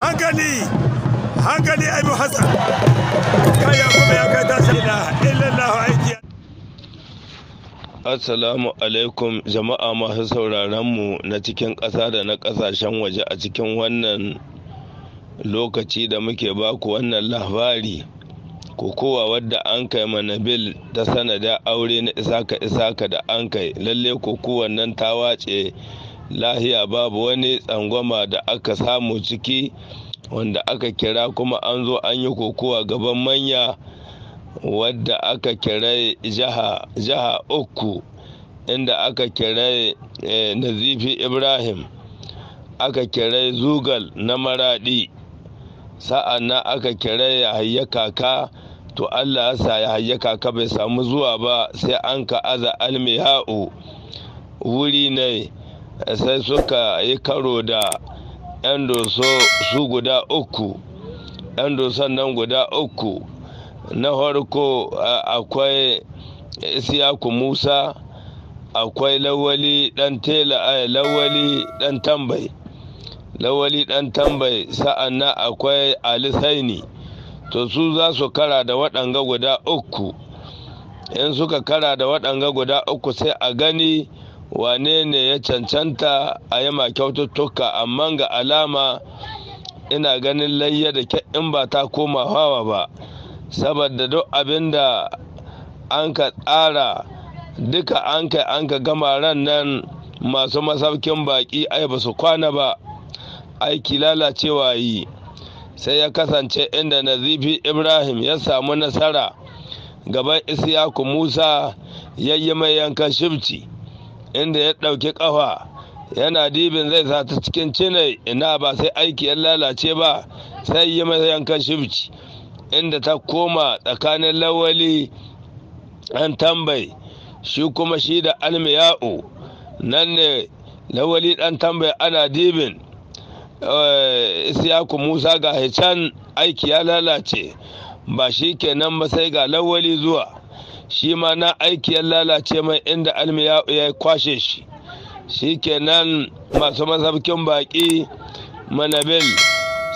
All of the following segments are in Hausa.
hankali hankali abu hassan kaya kuma ya kai tashi ila illallahu aiki Assalamu alaikum jama'a masu sauraron mu na cikin ƙasa da na ƙasashen waje a cikin wannan lokaci da muke baku wannan labari kokowa wadda an kai manabil da sanada aure na isaka isaka da an kai lalle kowa nan ta wace lahiya babu wani tsangwama da aka samu ciki wanda aka kira kuma an zo an yi kokowa gaban manya wadda aka kira jaha, uku inda aka kira eh, nazifi ibrahim aka kira zugal na maradi sa'an na aka kira yahaya kaka to allah ya sa kaka bai samu zuwa ba sai an ka aza almiha'u wuri ne sai suka yi karo da 'yan doso su guda uku 'yan doson nan guda uku na farko akwai isiyaku musa akwai lawali dan tela lawali dan tambai lawali dan tambai sa'an na akwai alisaini to su za su kara da waɗanga guda uku in suka kara da waɗanga guda uku sai a gani wane ne ya cancanta a yi kyaututtuka amma ga alama ina ganin layya da in ba ta koma hawa ba saboda duk abin da an ka tsara duka an kai an ka gama ran nan masu masaukin baki ai ba su kwana ba aiki lalacewa yi sai ya kasance inda nazifi ibrahim ya samu nasara gaban isiyaku musa yayyi mai yankan shibci inda ya ɗauki ƙafa yana dibin zai sa ta cikin cina ina ba sai aiki ya lalace ba sai yi masa yankan shibci inda ta koma tsakanin lawali an tambayi shi kuma shi da almiya'u nan ne lawali ɗan tambayi ana dibin eh, isiyaku musa ga can aiki ya lalace ba shi kenan ba sai ga lawali zuwa shi ma na aiki ya lalace mai inda almi ya kwashe shi shi nan masu masabkin baki manabil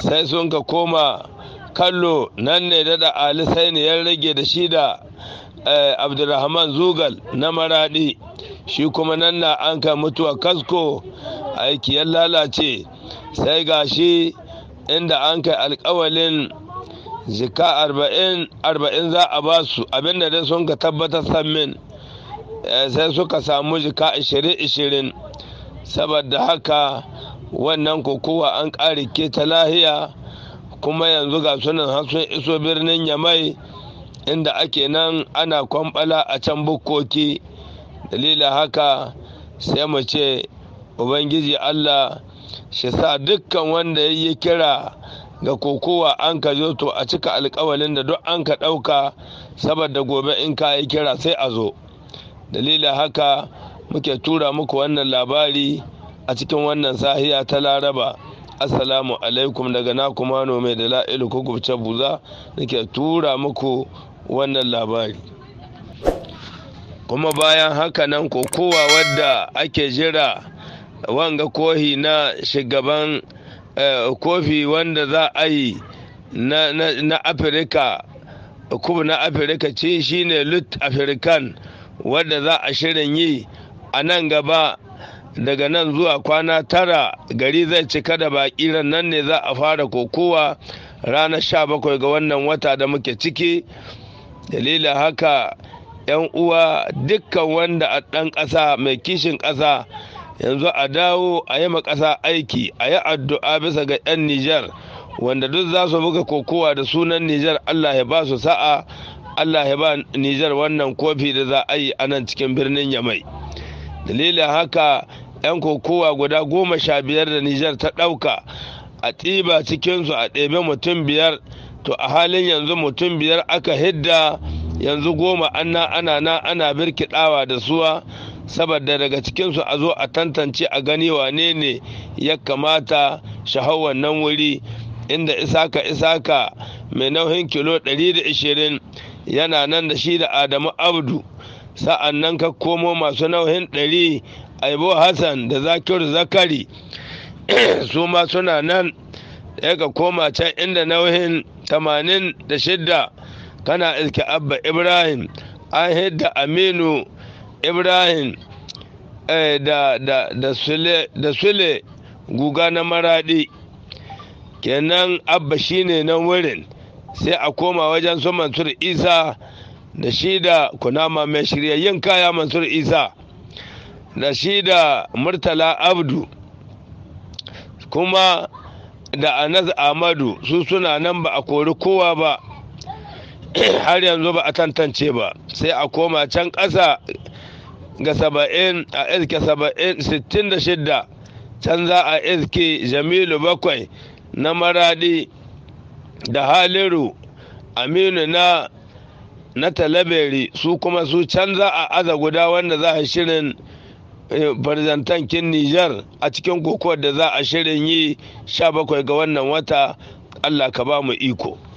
sai sun ka koma kallo nan ne dada ali sai ne ya rage da shi da eh, abdulrahman zugal na maradi shi kuma nan na an ka mutuwa kasko aiki ya lalace sai ga shi inda an kai alkawalin Zika arba'in arba'in za a ba su abinda dai sun ka tabbatar samin eh, sai suka samu zika ashirin ashirin saboda haka wannan kokowa an ƙare ke ta lahiya kuma yanzu ga sunan hasun iso birnin yamai inda ake nan ana kwamɓala a can bukkoki dalila haka sai mu ce ubangiji allah shi sa dukkan wanda ya yi kira ga kokowa an ka zo to a cika alkawalin da duk an ka ɗauka saboda gobe in ka yi kira sai a zo dalilin haka muke tura muku wannan labari a cikin wannan sahiya ta laraba assalamu alaikum daga na kuma mai da la'ilu ko gubce buza nake tura muku wannan labari kuma bayan haka nan kokowa wadda ake jira wanga kohi na shugaban Eh, kofi wanda za a yi na afirka kuma na afirka ce shine lut afirkan wadda za a shirin yi a nan gaba daga nan zuwa kwana tara gari zai cika da baƙi nan ne za a fara kokowa ranar sha bakwai ga wannan wata da muke ciki dalilin haka 'yan uwa dukkan wanda a ɗan ƙasa mai kishin ƙasa yanzu a dawo a yi makasa aiki a yi addu'a bisa ga 'yan nijar wanda duk za su buga kokowa da sunan nijar allah ya ba su sa'a allah ya ba nijar wannan kofi da za a yi a nan cikin birnin yamai dalilin haka 'yan kokowa guda goma sha biyar da nijar ta ɗauka a tsiba cikinsu a ɗebe mutum biyar to a halin yanzu mutum biyar aka hidda yanzu goma ana ana na ana birkiɗawa da suwa saboda daga cikinsu a zo a tantance a gani wane ne ya kamata shahau wannan wuri inda isaka isaka mai nauhin kilo 120 yana nan da shi da adamu abdu sa'an nan ka komo masu nauhin 100 aibo hassan da zakiru zakari su ma suna nan ya ka koma can inda nauhin 86 kana iske abba ibrahim an hidda aminu ibrahim eh, da, sule guga na maraɗi kenan abba shine nan wurin sai a koma wajen su mansur isa da shi da kunama mai shirya yin kaya mansur isa da shi da murtala abdu kuma da anas amadu su suna nan ba a kori kowa ba har yanzu ba a tantance ba sai a koma can ƙasa ga saba'in a iske saba'in sittin da shidda can za a iske jamilu bakwai na maradi da haliru aminu na na talaberi su kuma su can za a aza guda wanda za a shirin eh, farzantankin Nijar a cikin kokowar da za a shirin yi 17 ga wannan wata Allah ka ba mu iko.